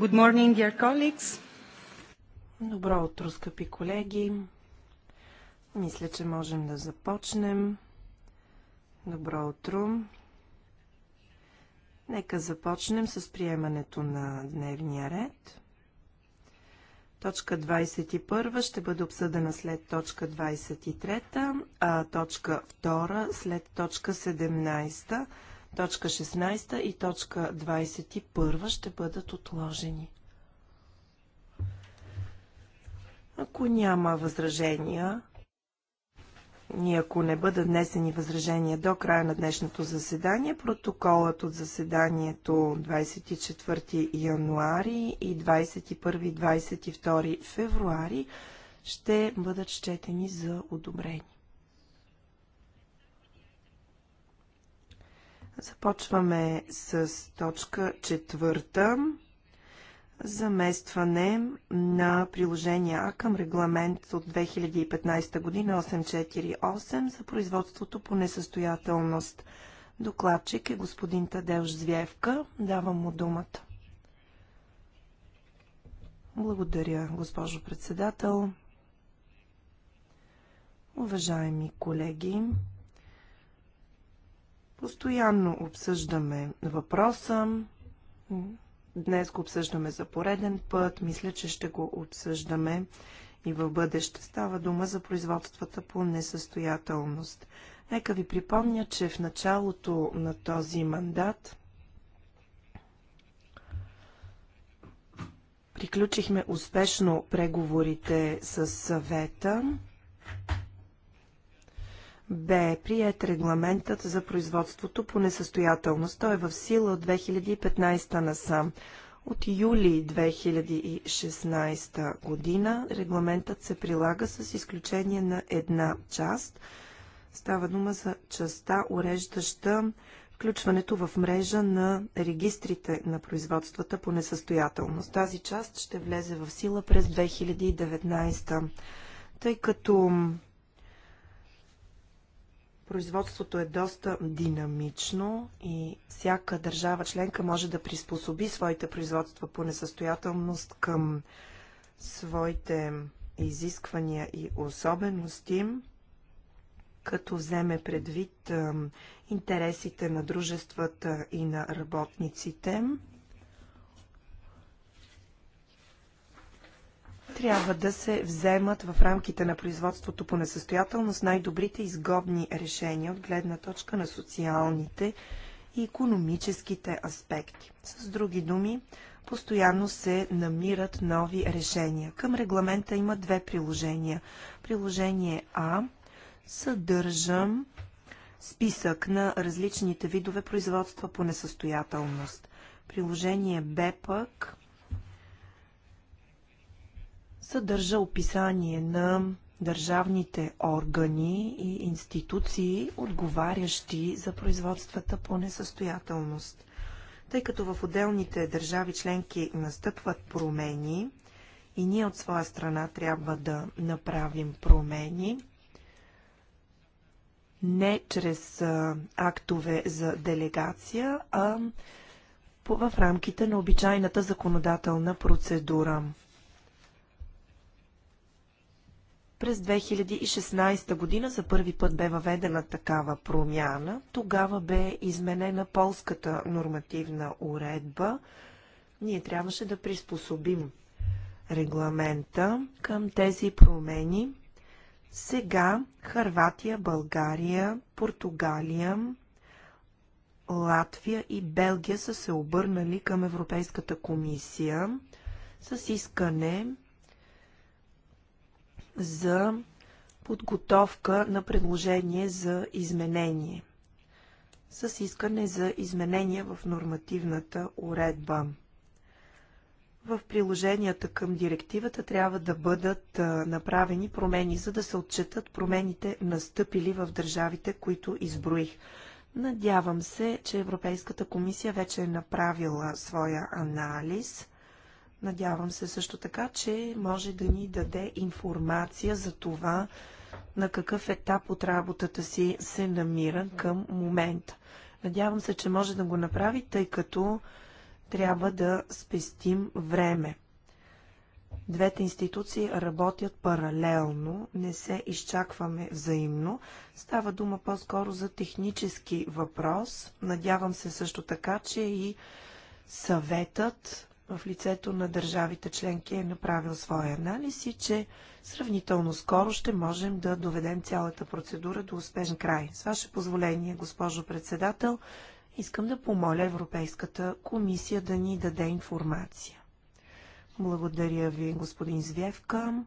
Good morning, dear colleagues. Добро утро, скъпи колеги. Мисля, че можем да започнем. Добро утро. Нека започнем с приемането на дневния ред. Точка 21 ще бъде обсъдена след точка 23, а точка 2 след точка 17. Точка 16 и точка 21 ще бъдат отложени. Ако няма възражения, и ако не бъдат внесени възражения до края на днешното заседание, протоколът от заседанието 24 януари и 21-22 февруари ще бъдат счетени за одобрени. Започваме с точка четвърта. Заместване на приложение А към регламент от 2015 година 848 за производството по несъстоятелност. Докладчик е господин Тадеуш Звявка. Давам му думата. Благодаря, госпожо председател. Уважаеми колеги, Постоянно обсъждаме въпроса. Днес го обсъждаме за пореден път. Мисля, че ще го обсъждаме и в бъдеще. Става дума за производствата по несъстоятелност. Нека ви припомня, че в началото на този мандат приключихме успешно преговорите с съвета бе прият регламентът за производството по несъстоятелност. Той е в сила от 2015 насам. От юли 2016 година регламентът се прилага с изключение на една част. Става дума за частта, уреждаща включването в мрежа на регистрите на производствата по несъстоятелност. Тази част ще влезе в сила през 2019. Тъй като Производството е доста динамично и всяка държава членка може да приспособи своите производства по несъстоятелност към своите изисквания и особености, като вземе предвид интересите на дружествата и на работниците. трябва да се вземат в рамките на производството по несъстоятелност най-добрите изгодни решения от гледна точка на социалните и економическите аспекти. С други думи, постоянно се намират нови решения. Към регламента има две приложения. Приложение А съдържа списък на различните видове производства по несъстоятелност. Приложение Б пък съдържа описание на държавните органи и институции, отговарящи за производствата по несъстоятелност. Тъй като в отделните държави членки настъпват промени и ние от своя страна трябва да направим промени, не чрез а, актове за делегация, а в рамките на обичайната законодателна процедура. През 2016 година за първи път бе въведена такава промяна. Тогава бе изменена полската нормативна уредба. Ние трябваше да приспособим регламента към тези промени. Сега Харватия, България, Португалия, Латвия и Белгия са се обърнали към Европейската комисия с искане за подготовка на предложение за изменение с искане за изменения в нормативната уредба. В приложенията към директивата трябва да бъдат направени промени, за да се отчетат промените настъпили в държавите, които изброих. Надявам се, че Европейската комисия вече е направила своя анализ – Надявам се също така, че може да ни даде информация за това, на какъв етап от работата си се намира към момента. Надявам се, че може да го направи, тъй като трябва да спестим време. Двете институции работят паралелно, не се изчакваме взаимно. Става дума по-скоро за технически въпрос. Надявам се също така, че и съветът в лицето на държавите членки е направил своя анализ и че сравнително скоро ще можем да доведем цялата процедура до успешен край. С ваше позволение, госпожо председател, искам да помоля Европейската комисия да ни даде информация. Благодаря ви, господин Звевка.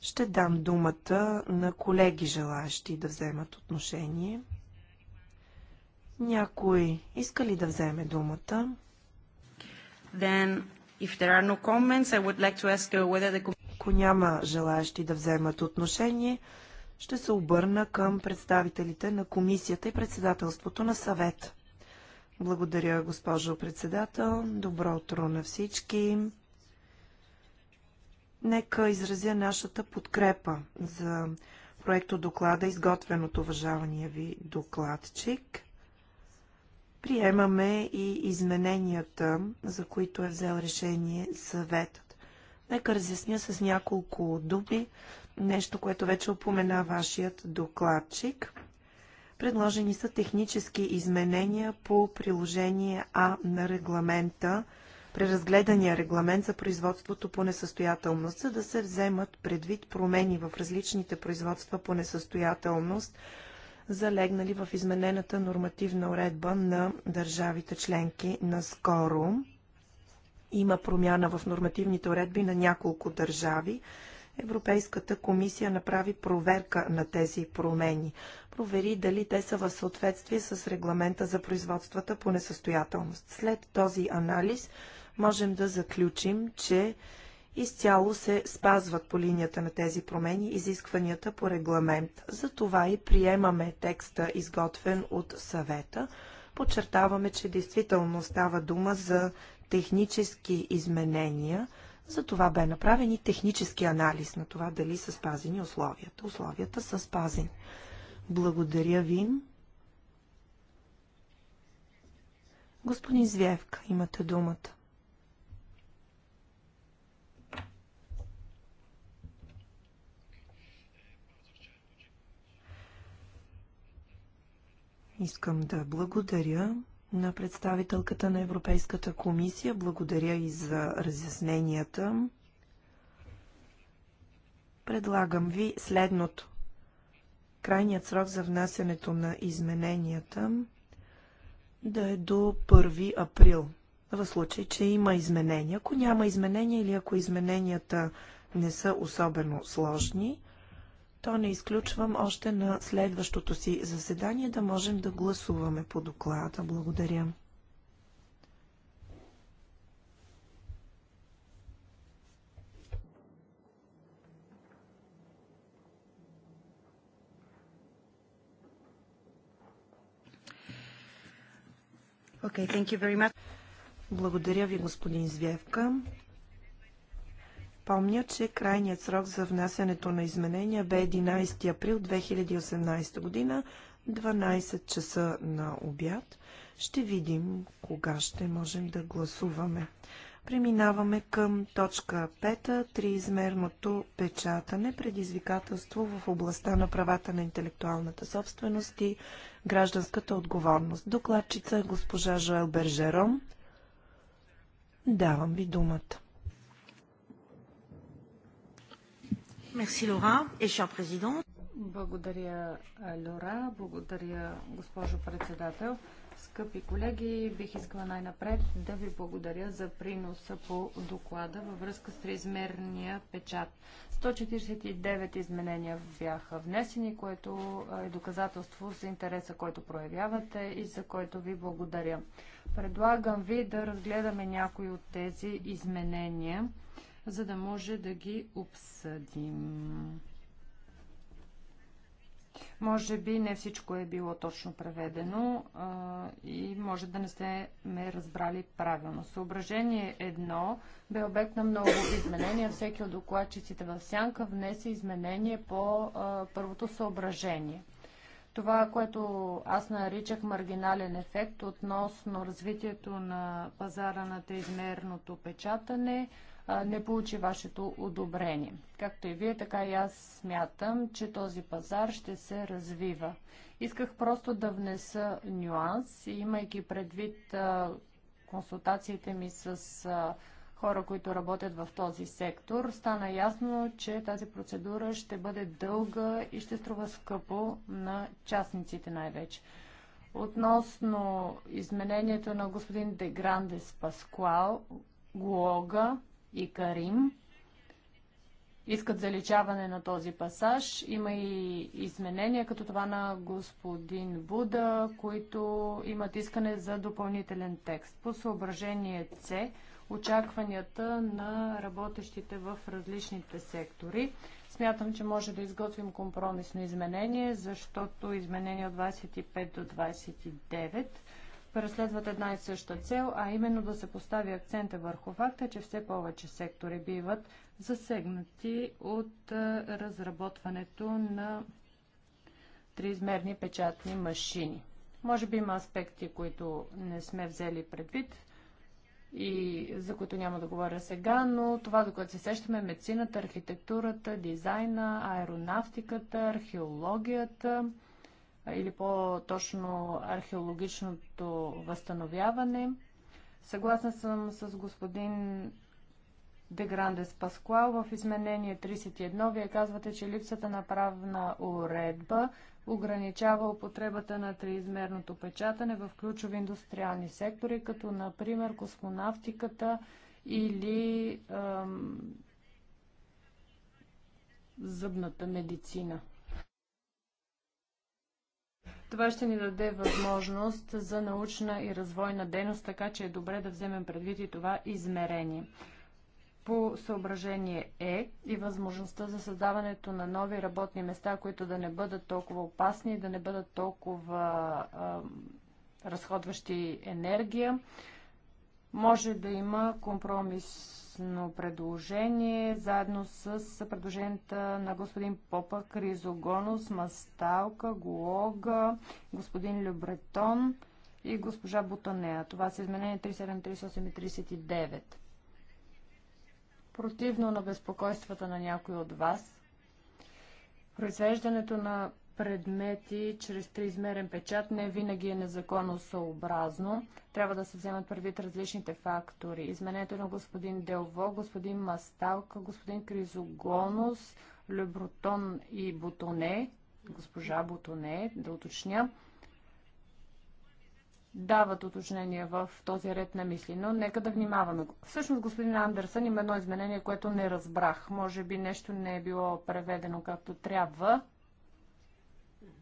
Ще дам думата на колеги, желаящи да вземат отношение. Някой иска ли да вземе думата? Then, if there are no comments, I would like to ask uh, whether the... Ако няма желаящи да вземат отношение, ще се обърна към представителите на комисията и председателството на съвет. Благодаря, госпожо председател. Добро утро на всички. Нека изразя нашата подкрепа за проекто доклада, изготвен от уважавания ви докладчик. Приемаме и измененията, за които е взел решение съветът. Нека разясня с няколко думи нещо, което вече упомена вашият докладчик. Предложени са технически изменения по приложение А на регламента, преразгледания регламент за производството по несъстоятелност, за да се вземат предвид промени в различните производства по несъстоятелност – залегнали в изменената нормативна уредба на държавите членки наскоро. Има промяна в нормативните уредби на няколко държави. Европейската комисия направи проверка на тези промени. Провери дали те са в съответствие с регламента за производствата по несъстоятелност. След този анализ можем да заключим, че изцяло се спазват по линията на тези промени изискванията по регламент. Затова и приемаме текста, изготвен от съвета. Подчертаваме, че действително става дума за технически изменения. За това бе направен и технически анализ на това дали са спазени условията. Условията са спазени. Благодаря ви. Господин Звевка, имате думата. Искам да благодаря на представителката на Европейската комисия. Благодаря и за разясненията. Предлагам ви следното. Крайният срок за внасянето на измененията да е до 1 април. В случай, че има изменения. Ако няма изменения или ако измененията не са особено сложни, то не изключвам още на следващото си заседание да можем да гласуваме по доклада. Благодаря. Okay, thank you very much. Благодаря ви, господин Звевка. Помня, че крайният срок за внасянето на изменения бе 11 април 2018 година, 12 часа на обяд. Ще видим кога ще можем да гласуваме. Преминаваме към точка 5. Триизмерното печатане. Предизвикателство в областта на правата на интелектуалната собственост и гражданската отговорност. Докладчица е госпожа Жоел Бержером. Давам ви думата. Мерси, Лора. И шар президент. Благодаря, Лора. Благодаря, госпожо председател. Скъпи колеги, бих искала най-напред да ви благодаря за приноса по доклада във връзка с триизмерния печат. 149 изменения бяха внесени, което е доказателство за интереса, който проявявате и за който ви благодаря. Предлагам ви да разгледаме някои от тези изменения за да може да ги обсъдим. Може би не всичко е било точно преведено а, и може да не сте ме разбрали правилно. Съображение едно бе обект на много изменения. Всеки от докладчиците в сянка внесе изменение по а, първото съображение. Това, което аз наричах маргинален ефект относно развитието на пазара на тезмерното печатане – не получи вашето одобрение. Както и вие, така и аз смятам, че този пазар ще се развива. Исках просто да внеса нюанс, имайки предвид консултациите ми с хора, които работят в този сектор, стана ясно, че тази процедура ще бъде дълга и ще струва скъпо на частниците най-вече. Относно изменението на господин Дегранде Паскуал, Глога, и Карим искат заличаване на този пасаж. Има и изменения, като това на господин Буда, които имат искане за допълнителен текст. По съображение С, очакванията на работещите в различните сектори. Смятам, че може да изготвим компромисно изменение, защото изменение от 25 до 29 преследват една и съща цел, а именно да се постави акцента върху факта, че все повече сектори биват засегнати от разработването на триизмерни печатни машини. Може би има аспекти, които не сме взели предвид и за които няма да говоря сега, но това, до което се сещаме, е медицината, архитектурата, дизайна, аеронавтиката, археологията – или по-точно археологичното възстановяване. Съгласна съм с господин Де Грандес Паскуал. В изменение 31 вие казвате, че липсата на правна уредба ограничава употребата на триизмерното печатане в ключови индустриални сектори, като например космонавтиката или ем, зъбната медицина. Това ще ни даде възможност за научна и развойна дейност, така че е добре да вземем предвид и това измерение. По съображение Е и възможността за създаването на нови работни места, които да не бъдат толкова опасни да не бъдат толкова а, разходващи енергия, може да има компромис компромисно предложение, заедно с предложенията на господин Попа, Кризогонос, Масталка, Глога, господин Любретон и госпожа Бутанея. Това са изменения 37, 38 и 39. Противно на безпокойствата на някой от вас, произвеждането на предмети чрез триизмерен печат не винаги е незаконосъобразно. Трябва да се вземат предвид различните фактори. Изменението на господин Делво, господин Масталка, господин Кризогонос, Лебротон и Бутоне, госпожа Бутоне, да уточня, дават уточнения в този ред на мисли, но нека да внимаваме. Всъщност, господин Андерсън, има едно изменение, което не разбрах. Може би нещо не е било преведено както трябва.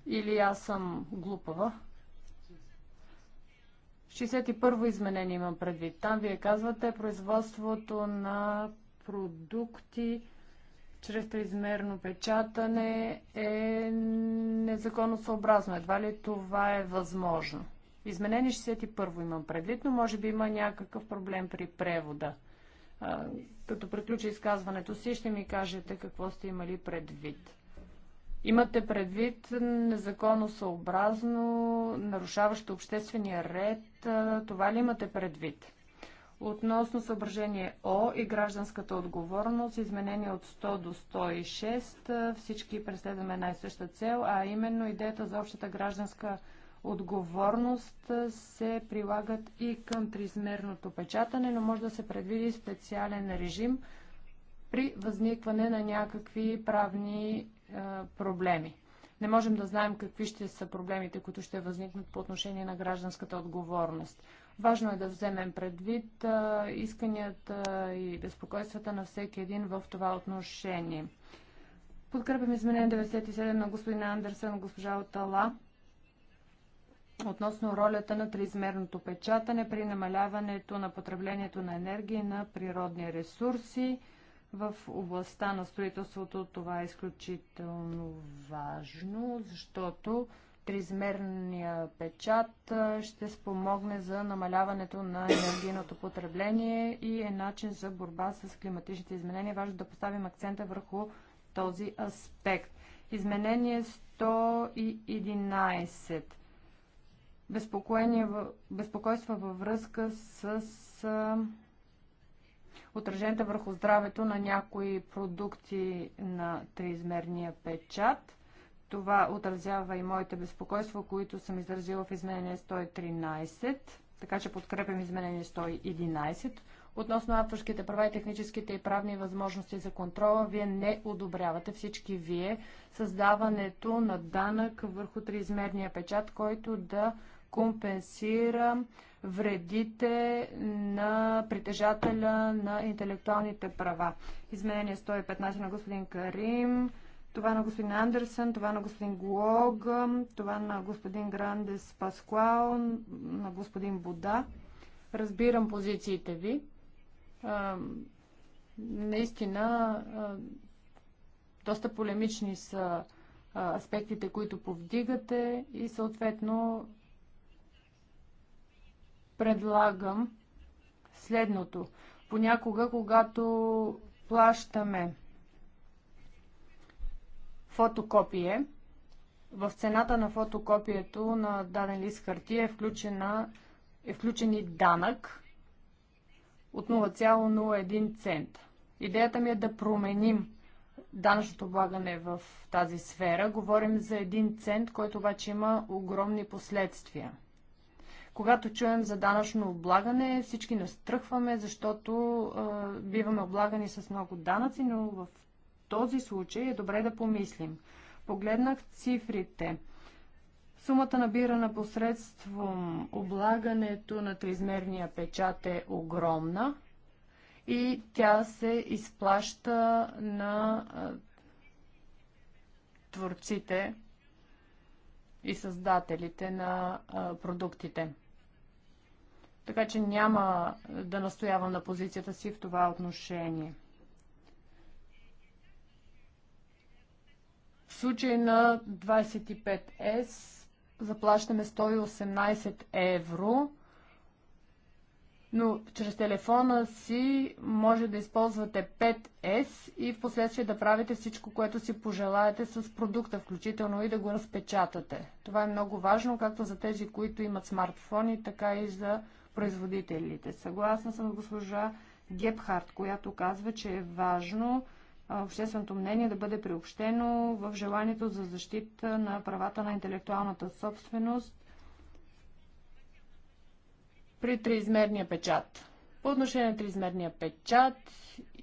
Или аз съм глупава? 61-во изменение имам предвид. Там вие казвате производството на продукти чрез триизмерно печатане е съобразно. Едва ли това е възможно? Изменение 61 во имам предвид, но може би има някакъв проблем при превода. като приключи изказването си, ще ми кажете какво сте имали предвид. Имате предвид незаконосъобразно, нарушаващо обществения ред. Това ли имате предвид? Относно съображение О и гражданската отговорност, изменение от 100 до 106, всички преследваме една и съща цел, а именно идеята за общата гражданска отговорност се прилагат и към триизмерното печатане, но може да се предвиди специален режим при възникване на някакви правни проблеми. Не можем да знаем какви ще са проблемите, които ще възникнат по отношение на гражданската отговорност. Важно е да вземем предвид исканията и безпокойствата на всеки един в това отношение. Подкрепям изменение 97 на господин Андерсен, госпожа Отала относно ролята на триизмерното печатане при намаляването на потреблението на енергия и на природни ресурси. В областта на строителството това е изключително важно, защото тризмерния печат ще спомогне за намаляването на енергийното потребление и е начин за борба с климатичните изменения. Важно да поставим акцента върху този аспект. Изменение 111. Безпокойство във връзка с отраженията върху здравето на някои продукти на триизмерния печат. Това отразява и моите безпокойства, които съм изразила в изменение 113, така че подкрепям изменение 111. Относно авторските права и техническите и правни възможности за контрола, вие не одобрявате всички вие създаването на данък върху триизмерния печат, който да компенсира вредите на притежателя на интелектуалните права. Изменение 115 на господин Карим, това на господин Андерсен, това на господин Глог, това на господин Грандес Паскуал, на господин Буда. Разбирам позициите ви. Наистина, доста полемични са аспектите, които повдигате и съответно предлагам следното. Понякога, когато плащаме фотокопие, в цената на фотокопието на даден лист хартия е, включена, е включен и данък от 0,01 цент. Идеята ми е да променим данъчното облагане в тази сфера. Говорим за един цент, който обаче има огромни последствия – когато чуем за данъчно облагане, всички настръхваме, защото а, биваме облагани с много данъци, но в този случай е добре да помислим. Погледнах цифрите. Сумата набирана посредством облагането на триизмерния печат е огромна и тя се изплаща на творците и създателите на продуктите. Така че няма да настоявам на позицията си в това отношение. В случай на 25S заплащаме 118 евро, но чрез телефона си може да използвате 5S и в последствие да правите всичко, което си пожелаете с продукта, включително и да го разпечатате. Това е много важно, както за тези, които имат смартфони, така и за производителите. Съгласна съм с госпожа Гепхарт, която казва, че е важно общественото мнение да бъде приобщено в желанието за защита на правата на интелектуалната собственост при триизмерния печат. По отношение на триизмерния печат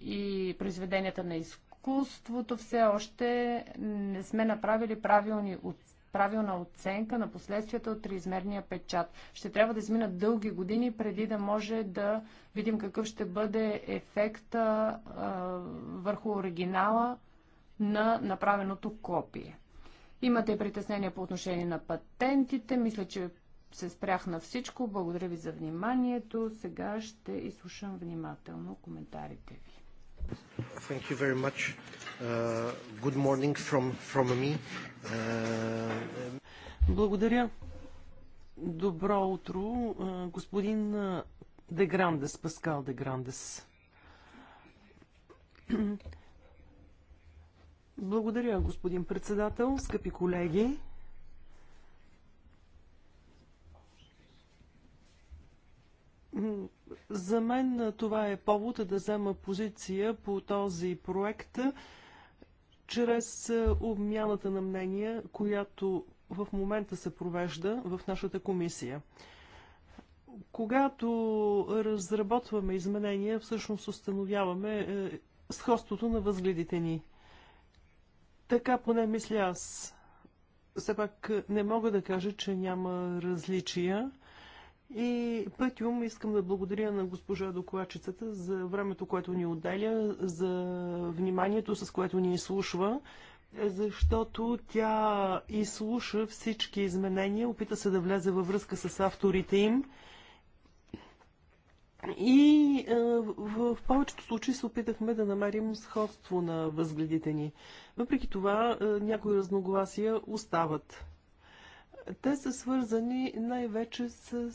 и произведенията на изкуството все още не сме направили правилни оценки правилна оценка на последствията от триизмерния печат. Ще трябва да изминат дълги години преди да може да видим какъв ще бъде ефекта а, върху оригинала на направеното копие. Имате притеснения по отношение на патентите. Мисля, че се спрях на всичко. Благодаря ви за вниманието. Сега ще изслушам внимателно коментарите ви. Thank you very much. Uh, good morning from, from me. Uh... Благодаря. Добро утро, господин Деграндес, Паскал Деграндес. Благодаря, господин председател, скъпи колеги. Mm-hmm. За мен това е повод да взема позиция по този проект чрез е, обмяната на мнения, която в момента се провежда в нашата комисия. Когато разработваме изменения, всъщност установяваме е, сходството на възгледите ни. Така поне мисля аз. Все пак е, не мога да кажа, че няма различия. И пътюм искам да благодаря на госпожа докладчицата за времето, което ни отделя, за вниманието, с което ни изслушва, защото тя изслуша всички изменения, опита се да влезе във връзка с авторите им. И е, в, повечето случаи се опитахме да намерим сходство на възгледите ни. Въпреки това, е, някои разногласия остават. Те са свързани най-вече с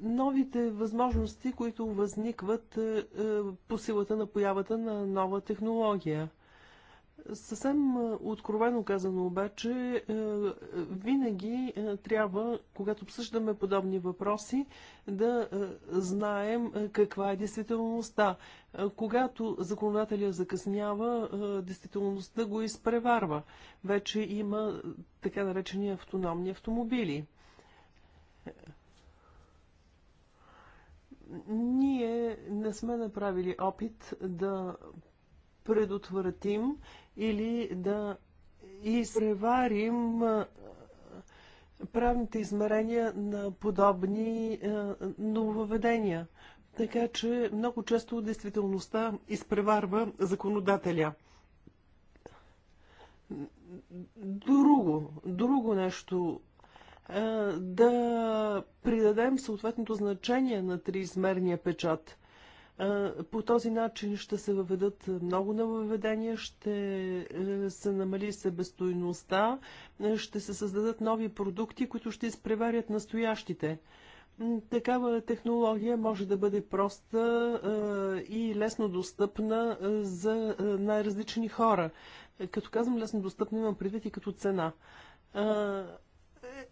новите възможности, които възникват е, е, по силата на появата на нова технология – Съвсем откровено казано обаче, е, винаги е, трябва, когато обсъждаме подобни въпроси, да е, знаем каква е действителността. Когато законодателя закъснява, действителността го изпреварва. Вече има така наречени автономни автомобили. Ние не сме направили опит да предотвратим или да изпреварим правните измерения на подобни нововведения. Така че много често действителността изпреварва законодателя. Друго, друго нещо да придадем съответното значение на триизмерния печат – по този начин ще се въведат много нововведения, ще е, се намали себестойността, е, ще се създадат нови продукти, които ще изпреварят настоящите. Такава технология може да бъде проста е, и лесно достъпна за най-различни хора. Като казвам лесно достъпна, имам предвид и като цена.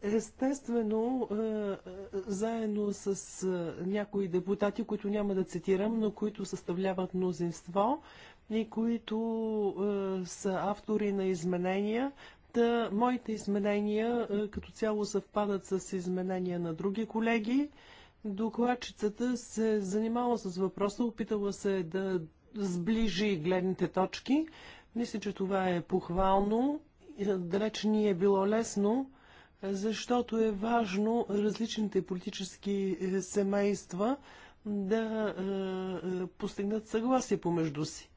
Естествено, е, е, заедно с е, някои депутати, които няма да цитирам, но които съставляват мнозинство и които са автори на изменения, да моите изменения като цяло съвпадат с изменения на други колеги. Докладчицата се занимава с въпроса, опитала се да сближи гледните точки. Мисля, че това е похвално. Далеч ни е било лесно, защото е важно различните политически е, семейства да е, е, постигнат съгласие помежду си.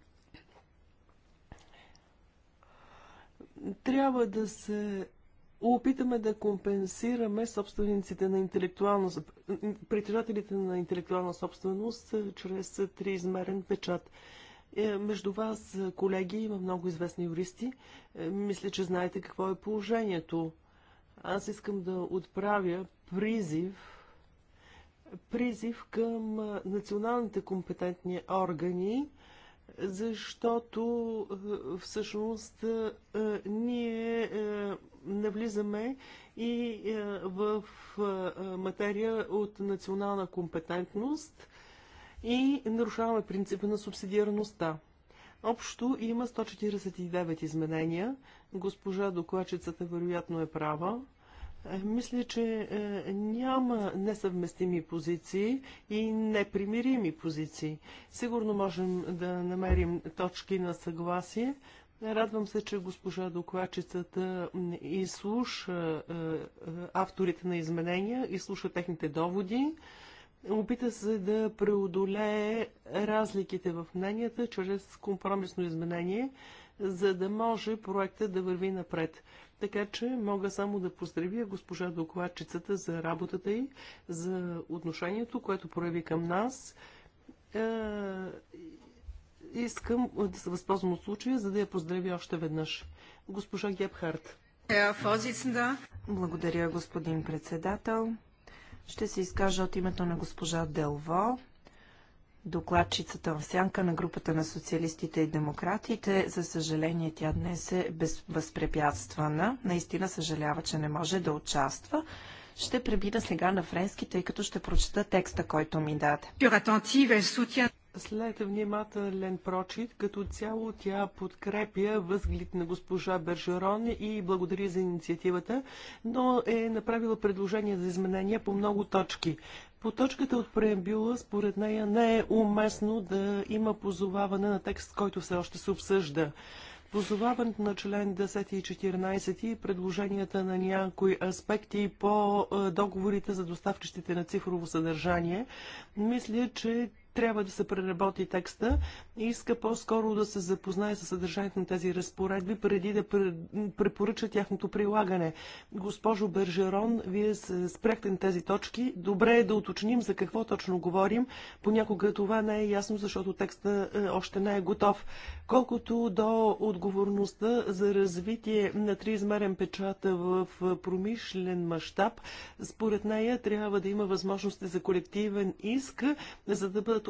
Трябва да се опитаме да компенсираме собствениците на интелектуална, притежателите на интелектуална собственост чрез триизмерен печат. Между вас, колеги, има много известни юристи. Мисля, че знаете какво е положението. Аз искам да отправя призив призив към националните компетентни органи, защото всъщност ние навлизаме и в материя от национална компетентност и нарушаваме принципа на субсидиарността. Общо има 149 изменения. Госпожа докладчицата вероятно е права. Е, мисля, че е, няма несъвместими позиции и непримирими позиции. Сигурно можем да намерим точки на съгласие. Радвам се, че госпожа докладчицата изслуша е, авторите на изменения, изслуша техните доводи опита се да преодолее разликите в мненията чрез компромисно изменение, за да може проекта да върви напред. Така че мога само да поздравя госпожа докладчицата за работата й, за отношението, което прояви към нас. Е, искам да се възползвам от случая, за да я поздравя още веднъж. Госпожа Гебхарт. Е, Благодаря, господин председател. Ще се изкажа от името на госпожа Делво, докладчицата в сянка на групата на социалистите и демократите. За съжаление, тя днес е без... Наистина съжалява, че не може да участва. Ще пребида сега на френски, тъй като ще прочета текста, който ми даде. След внимателен прочит, като цяло тя подкрепя възглед на госпожа Бержерон и благодари за инициативата, но е направила предложение за изменения по много точки. По точката от преамбюла, според нея, не е уместно да има позоваване на текст, който все още се обсъжда. Позоваването на член 10 и 14 и предложенията на някои аспекти по е, договорите за доставчиците на цифрово съдържание, мисля, че трябва да се преработи текста и иска по-скоро да се запознае с съдържанието на тези разпоредби, преди да препоръча тяхното прилагане. Госпожо Бержерон, вие се спряхте на тези точки. Добре е да уточним за какво точно говорим. Понякога това не е ясно, защото текста е, още не е готов. Колкото до отговорността за развитие на триизмерен печат в промишлен мащаб, според нея трябва да има възможности за колективен иск, за да бъдат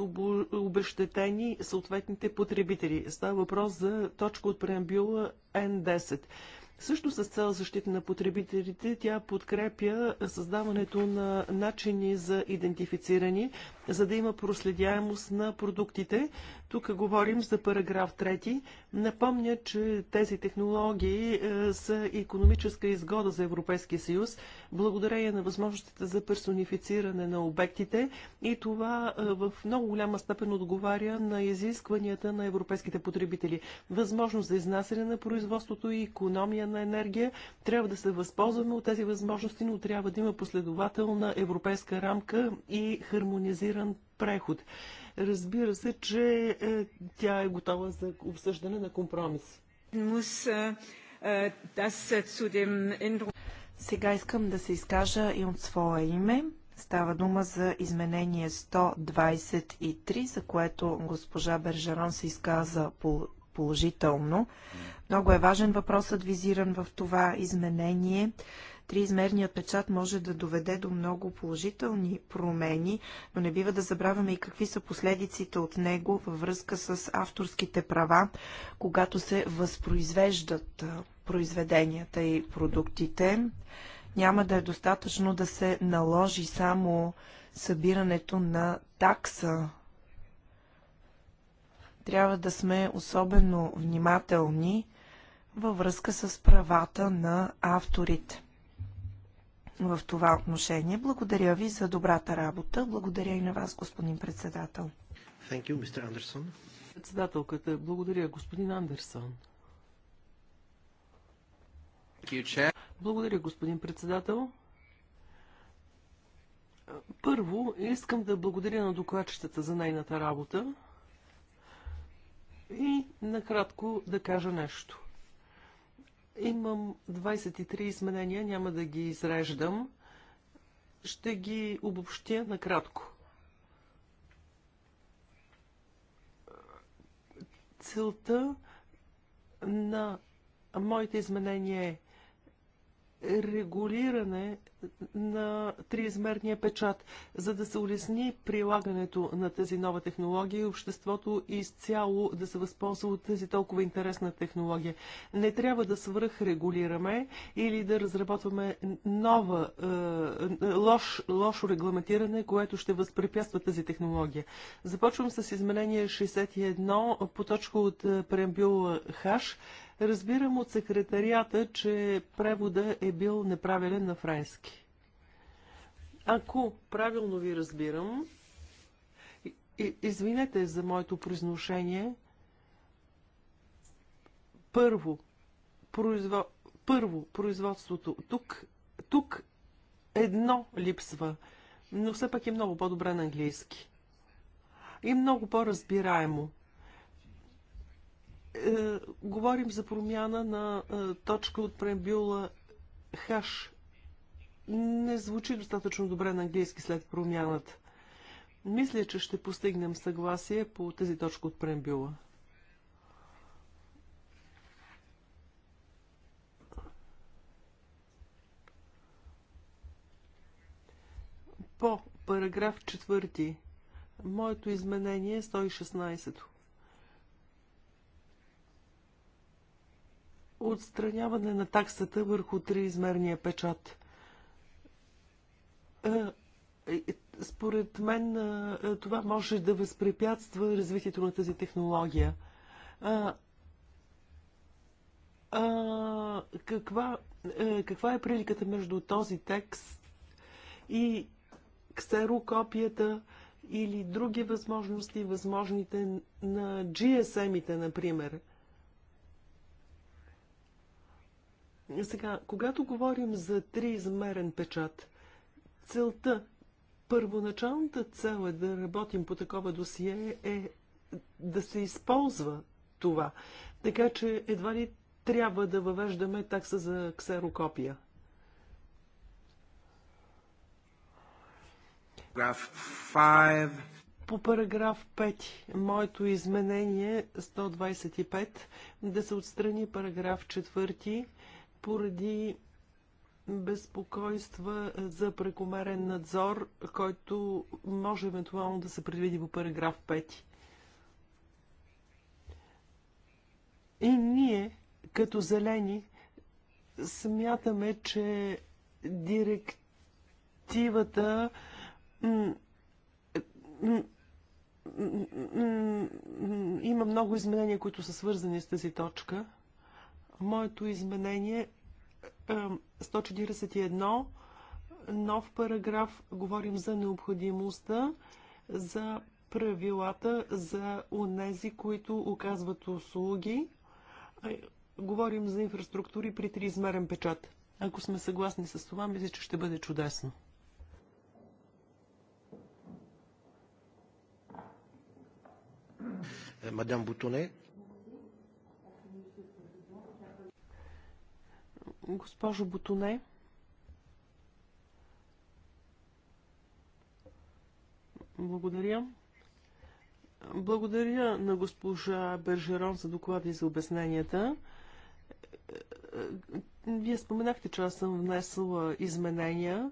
обещетени съответните потребители. Става въпрос за точка от преамбюла N10. Също с цел защита на потребителите тя подкрепя създаването на начини за идентифициране, за да има проследяемост на продуктите. Тук говорим за параграф 3. Напомня, че тези технологии е, са економическа изгода за Европейския съюз, благодарение на възможностите за персонифициране на обектите и това е, в много голяма степен отговаря на изискванията на европейските потребители. Възможност за изнасяне на производството и економия на енергия. Трябва да се възползваме от тези възможности, но трябва да има последователна европейска рамка и хармонизиран преход. Разбира се, че е, тя е готова за обсъждане на компромис. Е, е, е, Сега искам да се изкажа и от своя име. Става дума за изменение 123, за което госпожа Бержерон се изказа по положително. Много е важен въпросът, визиран в това изменение. Триизмерният печат може да доведе до много положителни промени, но не бива да забравяме и какви са последиците от него във връзка с авторските права, когато се възпроизвеждат произведенията и продуктите. Няма да е достатъчно да се наложи само събирането на такса трябва да сме особено внимателни във връзка с правата на авторите. В това отношение благодаря ви за добрата работа. Благодаря и на вас, господин председател. Thank you, Mr. Anderson. Председателката, благодаря, господин Андерсон. You, благодаря, господин председател. Първо, искам да благодаря на докладчетата за нейната работа. И накратко да кажа нещо. Имам 23 изменения, няма да ги изреждам. Ще ги обобщя накратко. Целта на моите изменения е регулиране на триизмерния печат. За да се улесни прилагането на тази нова технология, и обществото изцяло да се възползва от тази толкова интересна технология. Не трябва да свръхрегулираме или да разработваме нова, е, лош, лошо регламентиране, което ще възпрепятства тази технология. Започвам с изменение 61 по точка от е, преамбюл ХАШ Разбирам от секретарията, че превода е бил неправилен на френски. Ако правилно ви разбирам, извинете за моето произношение. Първо, произво... първо производството тук, тук едно липсва, но все пак е много по-добре на английски. И много по-разбираемо е, говорим за промяна на е, точка от преамбюла хаш. Не звучи достатъчно добре на английски след промяната. Мисля, че ще постигнем съгласие по тази точка от преамбюла. По параграф 4. Моето изменение е 116. Отстраняване на таксата върху триизмерния печат. Е, е, е, според мен това може да възпрепятства развитието на тази технология. А, а, каква, а, каква е приликата между този текст и ксерокопията или други възможности, възможните на GSM-ите, например? Сега, когато говорим за триизмерен печат, целта, първоначалната цел е да работим по такова досие е да се използва това. Така че едва ли трябва да въвеждаме такса за ксерокопия. По параграф 5, моето изменение 125, да се отстрани параграф 4 поради безпокойства за прекомерен надзор, който може евентуално да се предвиди по параграф 5. И ние, като зелени, смятаме, че директивата има много изменения, които са свързани с тази точка. Моето изменение 141, нов параграф, говорим за необходимостта за правилата за онези, които оказват услуги. Говорим за инфраструктури при триизмерен печат. Ако сме съгласни с това, мисля, че ще бъде чудесно. Мадам Бутоне. Госпожо Бутоне. Благодаря. Благодаря на госпожа Бержерон за доклада и за обясненията. Вие споменахте, че аз съм внесла изменения.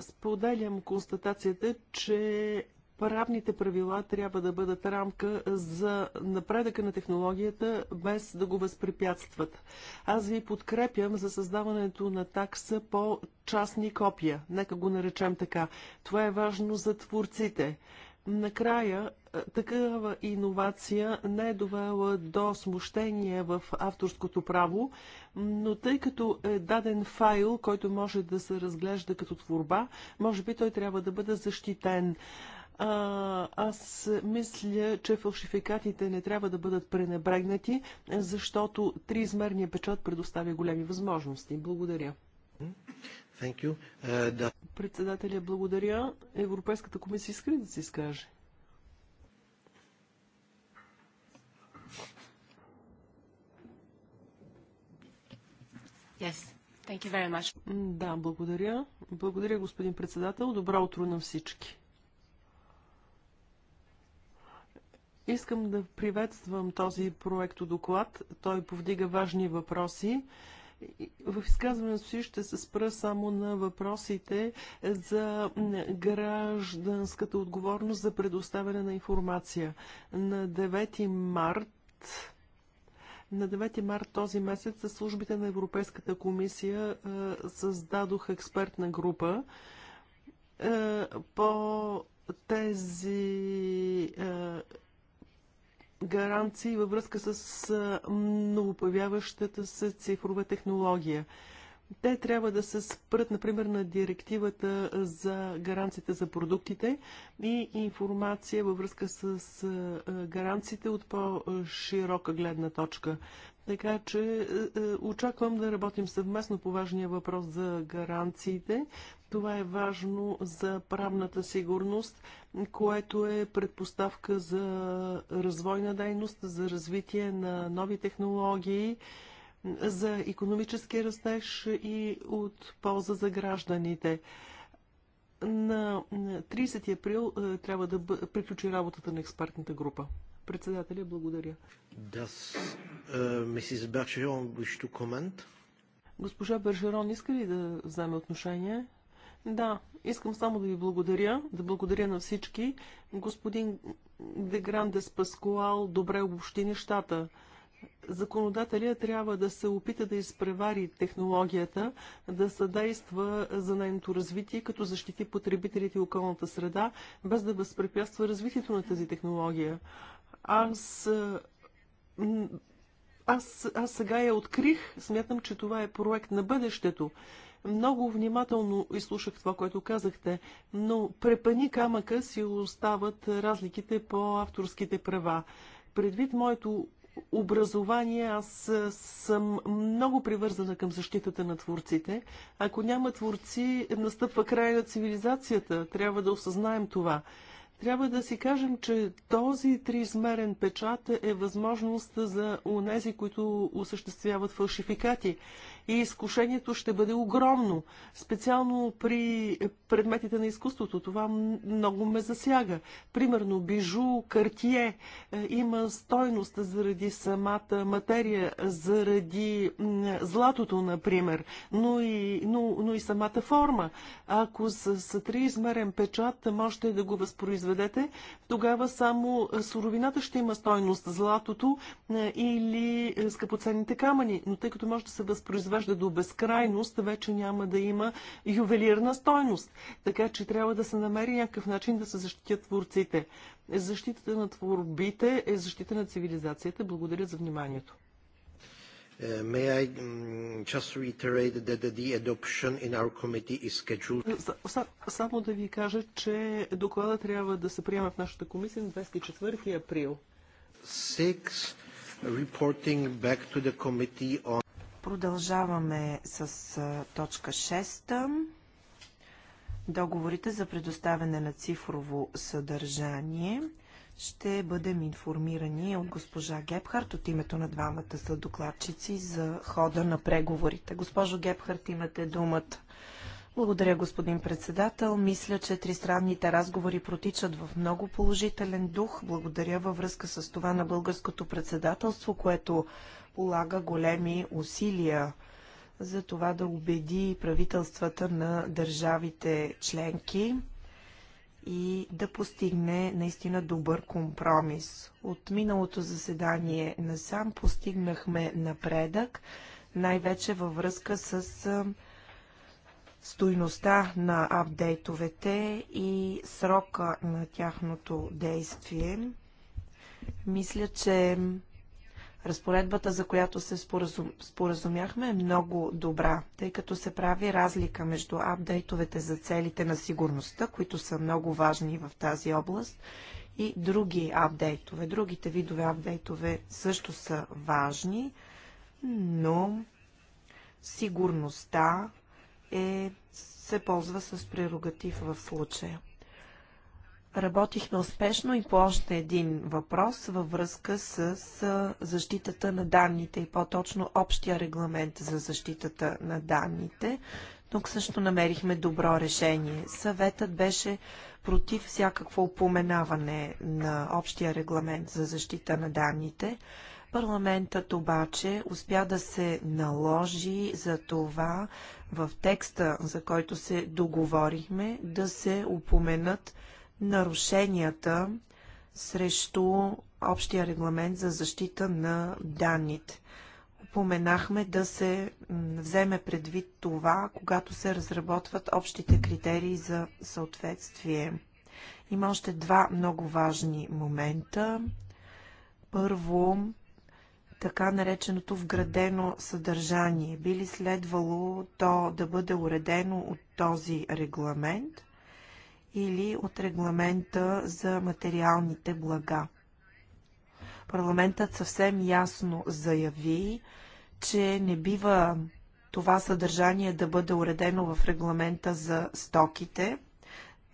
Споделям констатацията, че Правните правила трябва да бъдат рамка за напредъка на технологията, без да го възпрепятстват. Аз ви подкрепям за създаването на такса по частни копия. Нека го наречем така. Това е важно за творците. Накрая, такава иновация не е довела до смущение в авторското право, но тъй като е даден файл, който може да се разглежда като творба, може би той трябва да бъде защитен. А, аз мисля, че фалшификатите не трябва да бъдат пренебрегнати, защото триизмерният печат предоставя големи възможности. Благодаря. Thank you. Uh, да. Председателя, благодаря. Европейската комисия иска да се изкаже? Yes. Thank you very much. Да, благодаря. Благодаря, господин председател. Добро утро на всички. Искам да приветствам този проект доклад. Той повдига важни въпроси. В изказването си ще се спра само на въпросите за гражданската отговорност за предоставяне на информация. На 9 март на 9 март този месец службите на Европейската комисия създадох експертна група по тези гаранции във връзка с новопоявяващата се цифрова технология. Те трябва да се спрат, например, на директивата за гаранцията за продуктите и информация във връзка с гаранциите от по-широка гледна точка. Така че очаквам да работим съвместно по важния въпрос за гаранциите това е важно за правната сигурност, което е предпоставка за развойна дейност, за развитие на нови технологии, за економически растеж и от полза за гражданите. На 30 април е, трябва да приключи работата на експертната група. Председателя, благодаря. Das, uh, Bergeron, Госпожа Бержерон, иска ли да вземе отношение? Да, искам само да ви благодаря, да благодаря на всички. Господин Деграндес Паскуал добре обобщи нещата. Законодателя трябва да се опита да изпревари технологията, да съдейства за нейното развитие, като защити потребителите и околната среда, без да възпрепятства развитието на тази технология. Аз аз, аз сега я открих. Смятам, че това е проект на бъдещето. Много внимателно изслушах това, което казахте, но препани камъка си остават разликите по авторските права. Предвид моето образование, аз съм много привързана към защитата на творците. Ако няма творци, настъпва край на цивилизацията. Трябва да осъзнаем това. Трябва да си кажем, че този триизмерен печат е възможност за унези, които осъществяват фалшификати. И изкушението ще бъде огромно. Специално при предметите на изкуството това много ме засяга. Примерно бижу, картие е, има стойност заради самата материя, заради златото, например, но и, но, но и самата форма. Ако с, с триизмерен печат можете да го възпроизведете, произведете, тогава само е, суровината ще има стойност, златото е, или е, скъпоценните камъни. Но тъй като може да се възпроизвежда до безкрайност, вече няма да има ювелирна стойност. Така че трябва да се намери някакъв начин да се защитят творците. Защитата на творбите е защита на цивилизацията. Благодаря за вниманието. Uh, may I mm, just reiterate that the adoption in our committee is scheduled... Е, само да ви кажа, че доклада трябва да се приема в нашата комисия на 24 април. Six, reporting back to the committee on... Продължаваме с точка 6. Договорите за предоставяне на цифрово съдържание – ще бъдем информирани от госпожа Гепхарт от името на двамата са докладчици за хода на преговорите. Госпожо Гепхарт, имате думата. Благодаря, господин председател. Мисля, че тристранните разговори протичат в много положителен дух. Благодаря във връзка с това на българското председателство, което полага големи усилия за това да убеди правителствата на държавите членки и да постигне наистина добър компромис. От миналото заседание насам постигнахме напредък, най-вече във връзка с стойността на апдейтовете и срока на тяхното действие. Мисля, че Разпоредбата, за която се споразум... споразумяхме, е много добра, тъй като се прави разлика между апдейтовете за целите на сигурността, които са много важни в тази област, и други апдейтове. Другите видове апдейтове също са важни, но сигурността е, се ползва с прерогатив в случая. Работихме успешно и по още един въпрос във връзка с защитата на данните и по-точно общия регламент за защитата на данните. Тук също намерихме добро решение. Съветът беше против всякакво упоменаване на общия регламент за защита на данните. Парламентът обаче успя да се наложи за това в текста, за който се договорихме, да се упоменат нарушенията срещу общия регламент за защита на данните. Упоменахме да се вземе предвид това, когато се разработват общите критерии за съответствие. Има още два много важни момента. Първо, така нареченото вградено съдържание. Би ли следвало то да бъде уредено от този регламент? или от регламента за материалните блага. Парламентът съвсем ясно заяви, че не бива това съдържание да бъде уредено в регламента за стоките,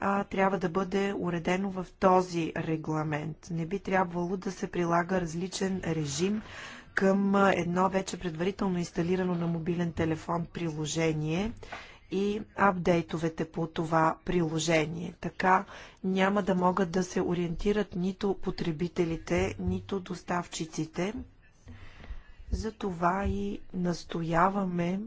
а трябва да бъде уредено в този регламент. Не би трябвало да се прилага различен режим към едно вече предварително инсталирано на мобилен телефон приложение и апдейтовете по това приложение. Така няма да могат да се ориентират нито потребителите, нито доставчиците. Затова и настояваме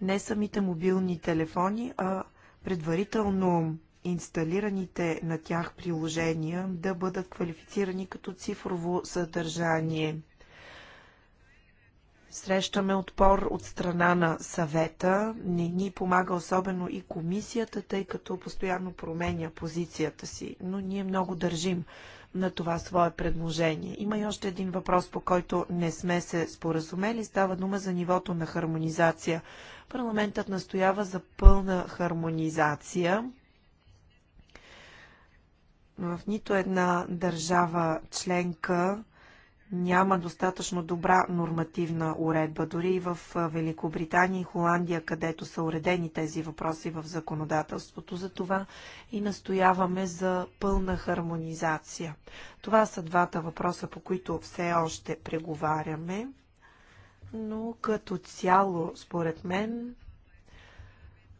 не самите мобилни телефони, а предварително инсталираните на тях приложения да бъдат квалифицирани като цифрово съдържание – Срещаме отпор от страна на съвета. Не ни помага особено и комисията, тъй като постоянно променя позицията си. Но ние много държим на това свое предложение. Има и още един въпрос, по който не сме се споразумели. Става дума за нивото на хармонизация. Парламентът настоява за пълна хармонизация. В нито една държава членка няма достатъчно добра нормативна уредба. Дори и в Великобритания и Холандия, където са уредени тези въпроси в законодателството, за това и настояваме за пълна хармонизация. Това са двата въпроса, по които все още преговаряме, но като цяло, според мен,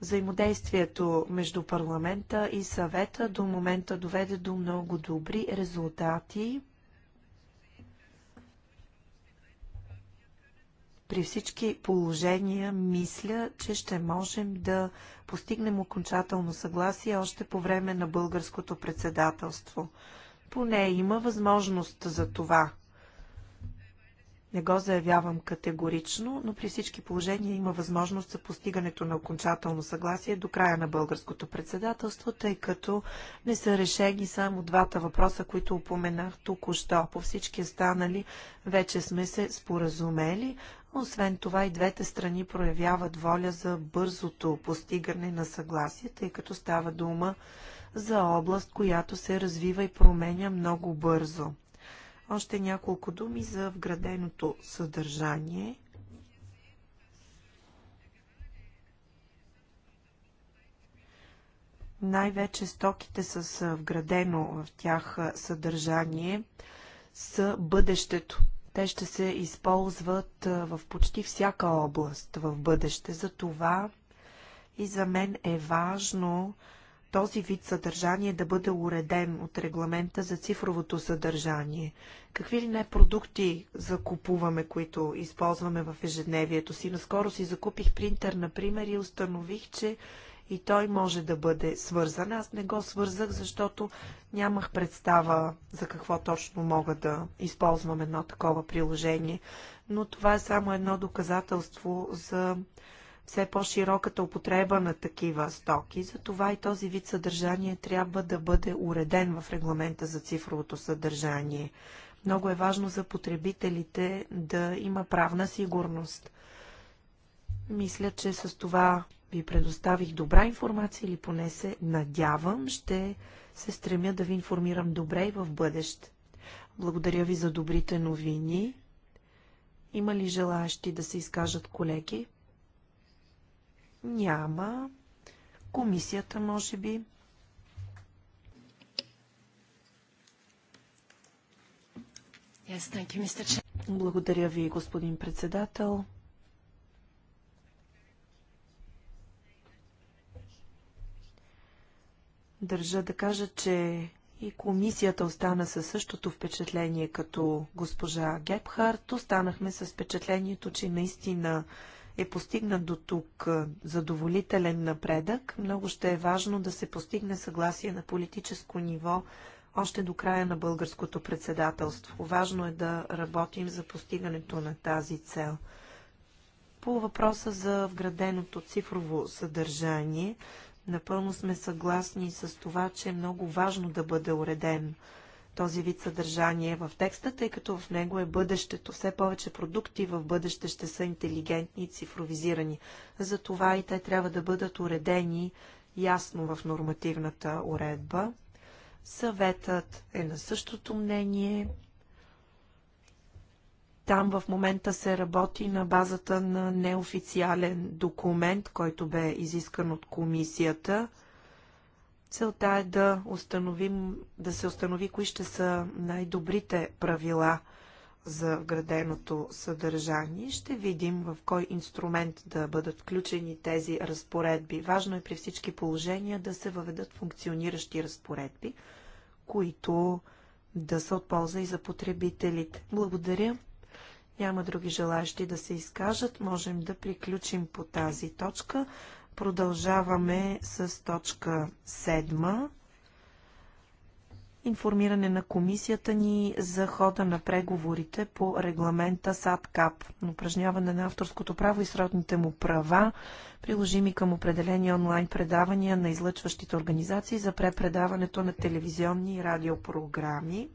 Взаимодействието между парламента и съвета до момента доведе до много добри резултати. При всички положения мисля, че ще можем да постигнем окончателно съгласие още по време на българското председателство. Поне има възможност за това. Не го заявявам категорично, но при всички положения има възможност за постигането на окончателно съгласие до края на българското председателство, тъй като не са решени само двата въпроса, които упоменах току-що. По всички останали вече сме се споразумели, освен това и двете страни проявяват воля за бързото постигане на съгласие, тъй като става дума за област, която се развива и променя много бързо. Още няколко думи за вграденото съдържание. Най-вече стоките с вградено в тях съдържание са бъдещето те ще се използват в почти всяка област в бъдеще. За това и за мен е важно този вид съдържание да бъде уреден от регламента за цифровото съдържание. Какви ли не продукти закупуваме, които използваме в ежедневието си? Наскоро си закупих принтер, например, и установих, че и той може да бъде свързан. Аз не го свързах, защото нямах представа за какво точно мога да използвам едно такова приложение. Но това е само едно доказателство за все по-широката употреба на такива стоки. Затова и този вид съдържание трябва да бъде уреден в регламента за цифровото съдържание. Много е важно за потребителите да има правна сигурност. Мисля, че с това ви предоставих добра информация или поне се надявам, ще се стремя да ви информирам добре и в бъдеще. Благодаря ви за добрите новини. Има ли желаящи да се изкажат колеги? Няма. Комисията, може би. Yes, you, Благодаря ви, господин председател. Държа да кажа, че и комисията остана със същото впечатление като госпожа Гепхарт. Останахме с впечатлението, че наистина е постигнат до тук задоволителен напредък. Много ще е важно да се постигне съгласие на политическо ниво още до края на българското председателство. Важно е да работим за постигането на тази цел. По въпроса за вграденото цифрово съдържание, Напълно сме съгласни с това, че е много важно да бъде уреден този вид съдържание в текста, тъй като в него е бъдещето. Все повече продукти в бъдеще ще са интелигентни и цифровизирани. Затова и те трябва да бъдат уредени ясно в нормативната уредба. Съветът е на същото мнение. Там в момента се работи на базата на неофициален документ, който бе изискан от комисията. Целта е да, установим, да се установи кои ще са най-добрите правила за вграденото съдържание. Ще видим в кой инструмент да бъдат включени тези разпоредби. Важно е при всички положения да се въведат функциониращи разпоредби, които да са от полза и за потребителите. Благодаря. Няма други желащи да се изкажат. Можем да приключим по тази точка. Продължаваме с точка 7. Информиране на комисията ни за хода на преговорите по регламента САДКАП, упражняване на авторското право и сродните му права, приложими към определени онлайн предавания на излъчващите организации за препредаването на телевизионни и радиопрограми.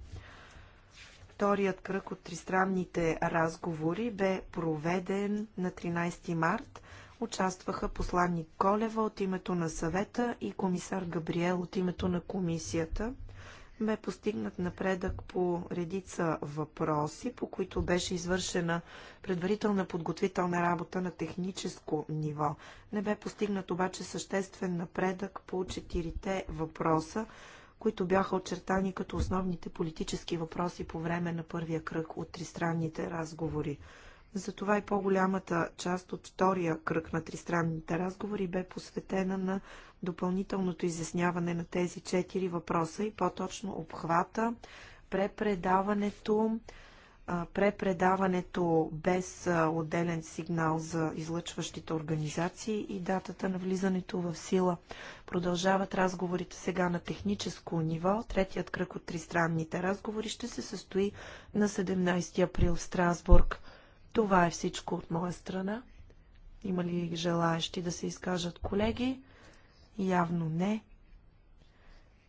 Вторият кръг от тристранните разговори бе проведен на 13 март. Участваха посланник Колева от името на съвета и комисар Габриел от името на комисията. Бе постигнат напредък по редица въпроси, по които беше извършена предварителна подготвителна работа на техническо ниво. Не бе постигнат обаче съществен напредък по четирите въпроса, които бяха очертани като основните политически въпроси по време на първия кръг от тристранните разговори. Затова и по-голямата част от втория кръг на тристранните разговори бе посветена на допълнителното изясняване на тези четири въпроса и по-точно обхвата, препредаването, препредаването без отделен сигнал за излъчващите организации и датата на влизането в сила. Продължават разговорите сега на техническо ниво. Третият кръг от тристранните разговори ще се състои на 17 април в Страсбург. Това е всичко от моя страна. Има ли желаящи да се изкажат колеги? Явно не.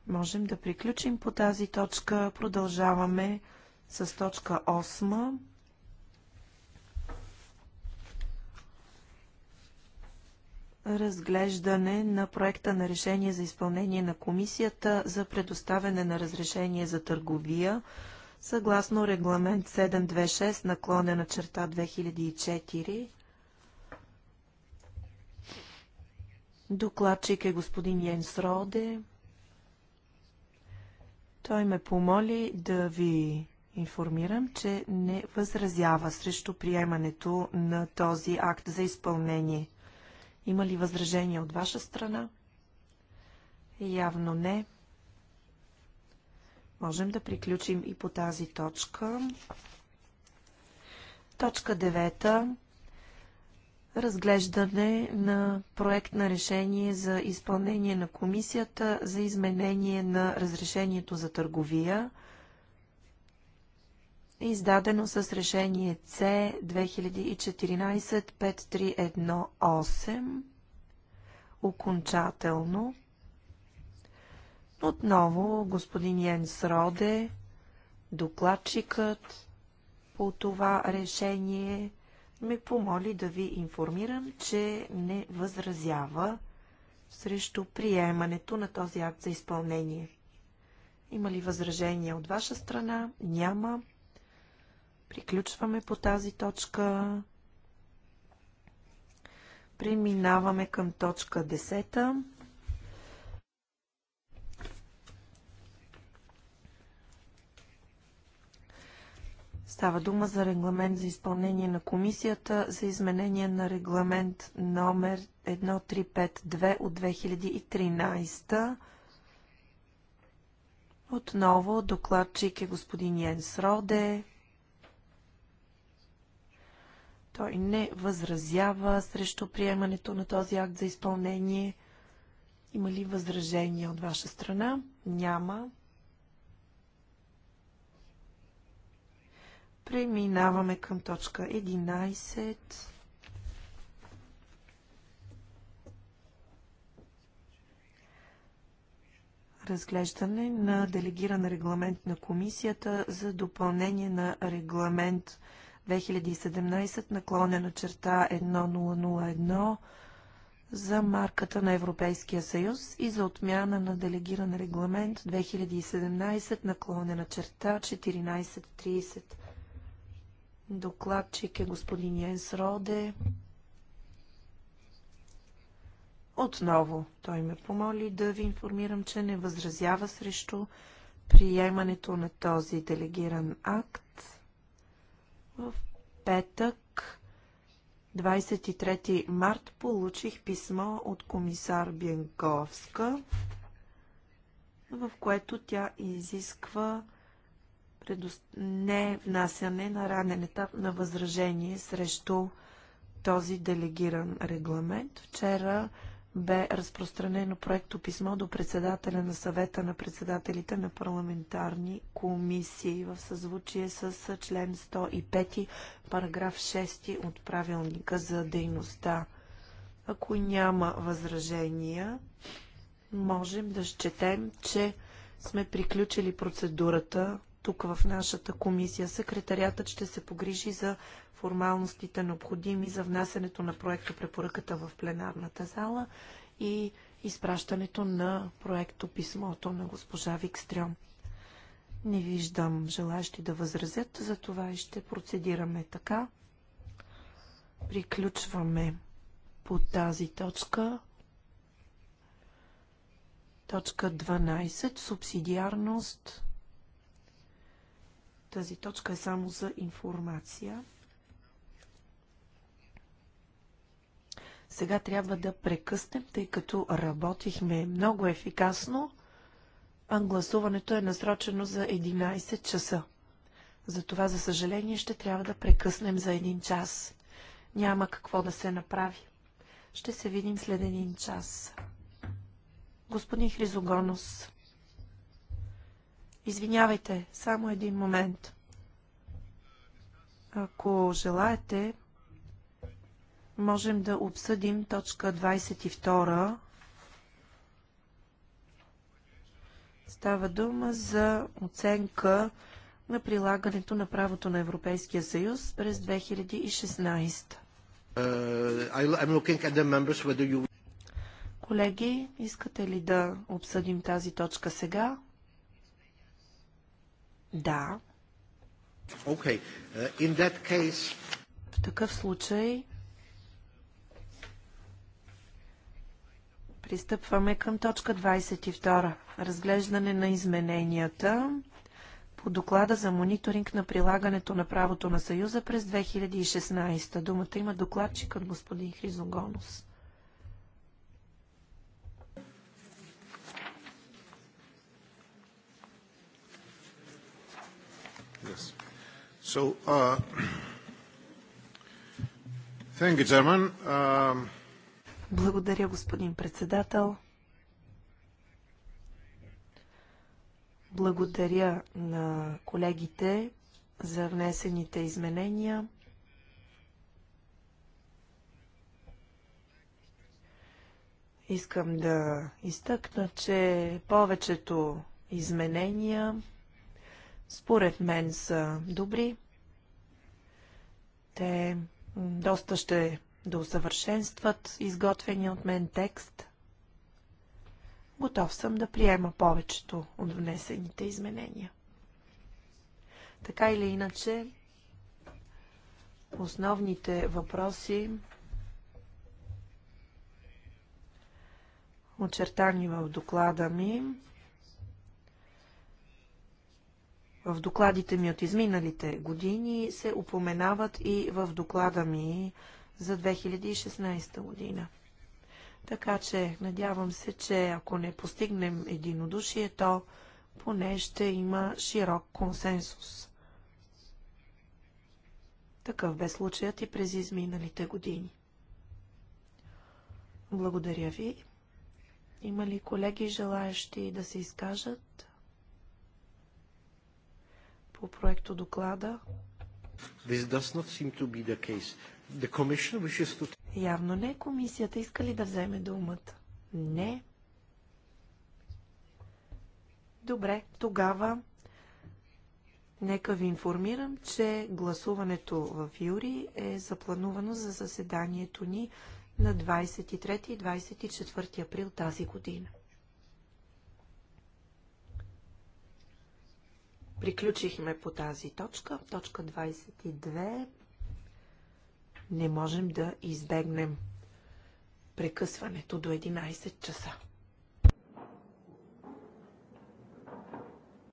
Можем да приключим по тази точка. Продължаваме с точка 8. разглеждане на проекта на решение за изпълнение на комисията за предоставяне на разрешение за търговия съгласно регламент 726 наклоне на черта 2004. Докладчик е господин Йенс Роде. Той ме помоли да ви информирам, че не възразява срещу приемането на този акт за изпълнение. Има ли възражение от ваша страна? Явно не. Можем да приключим и по тази точка. Точка 9. Разглеждане на проект на решение за изпълнение на комисията за изменение на разрешението за търговия – издадено с решение С 2014-5318, окончателно. Отново господин Йенс Роде, докладчикът по това решение, ме помоли да ви информирам, че не възразява срещу приемането на този акт за изпълнение. Има ли възражения от ваша страна? Няма. Приключваме по тази точка. Преминаваме към точка 10. Става дума за регламент за изпълнение на комисията за изменение на регламент номер 1352 от 2013. Отново докладчик е господин Йенс Роде. Той не възразява срещу приемането на този акт за изпълнение. Има ли възражения от ваша страна? Няма. Преминаваме към точка 11. разглеждане на делегиран регламент на комисията за допълнение на регламент 2017 наклонена черта 1001 за марката на Европейския съюз и за отмяна на делегиран регламент 2017 наклонена черта 1430. Докладчик е господин Йенс Роде. Отново той ме помоли да ви информирам, че не възразява срещу приемането на този делегиран акт. В петък, 23 март, получих писмо от комисар Бенковска, в което тя изисква не внасяне на ранен етап на възражение срещу този делегиран регламент. Вчера бе разпространено проекто писмо до председателя на съвета на председателите на парламентарни комисии в съзвучие с член 105, параграф 6 от правилника за дейността. Ако няма възражения, можем да счетем, че сме приключили процедурата тук в нашата комисия. Секретариатът ще се погрижи за формалностите необходими за внасянето на проекта препоръката в пленарната зала и изпращането на проекто писмото на госпожа Викстрем. Не виждам желащи да възразят, за това и ще процедираме така. Приключваме по тази точка. Точка 12. Субсидиарност тази точка е само за информация. Сега трябва да прекъснем, тъй като работихме много ефикасно, гласуването е насрочено за 11 часа. Затова, за съжаление, ще трябва да прекъснем за един час. Няма какво да се направи. Ще се видим след един час. Господин Хризогонос. Извинявайте, само един момент. Ако желаете, можем да обсъдим точка 22. Става дума за оценка на прилагането на правото на Европейския съюз през 2016. Uh, Колеги, искате ли да обсъдим тази точка сега? Да. Okay. Uh, in that case... В такъв случай пристъпваме към точка 22. Разглеждане на измененията по доклада за мониторинг на прилагането на правото на Съюза през 2016. Думата има докладчикът господин Хризогонос. Yes. So, uh, thank you, Chairman. Um, Благодаря, господин председател. Благодаря на колегите за внесените изменения. Искам да изтъкна, че повечето изменения според мен са добри. Те доста ще да усъвършенстват изготвения от мен текст. Готов съм да приема повечето от внесените изменения. Така или иначе, основните въпроси, очертани в доклада ми, В докладите ми от изминалите години се упоменават и в доклада ми за 2016 година. Така че надявам се, че ако не постигнем единодушие, то поне ще има широк консенсус. Такъв бе случаят и през изминалите години. Благодаря ви. Има ли колеги желаящи да се изкажат? по проекто доклада? This does not seem to be the case. The commission wishes to... Явно не. Комисията иска ли да вземе думата? Не. Добре, тогава нека ви информирам, че гласуването в Юри е запланувано за заседанието ни на 23 и 24 април тази година. Приключихме по тази точка. Точка 22. Не можем да избегнем прекъсването до 11 часа.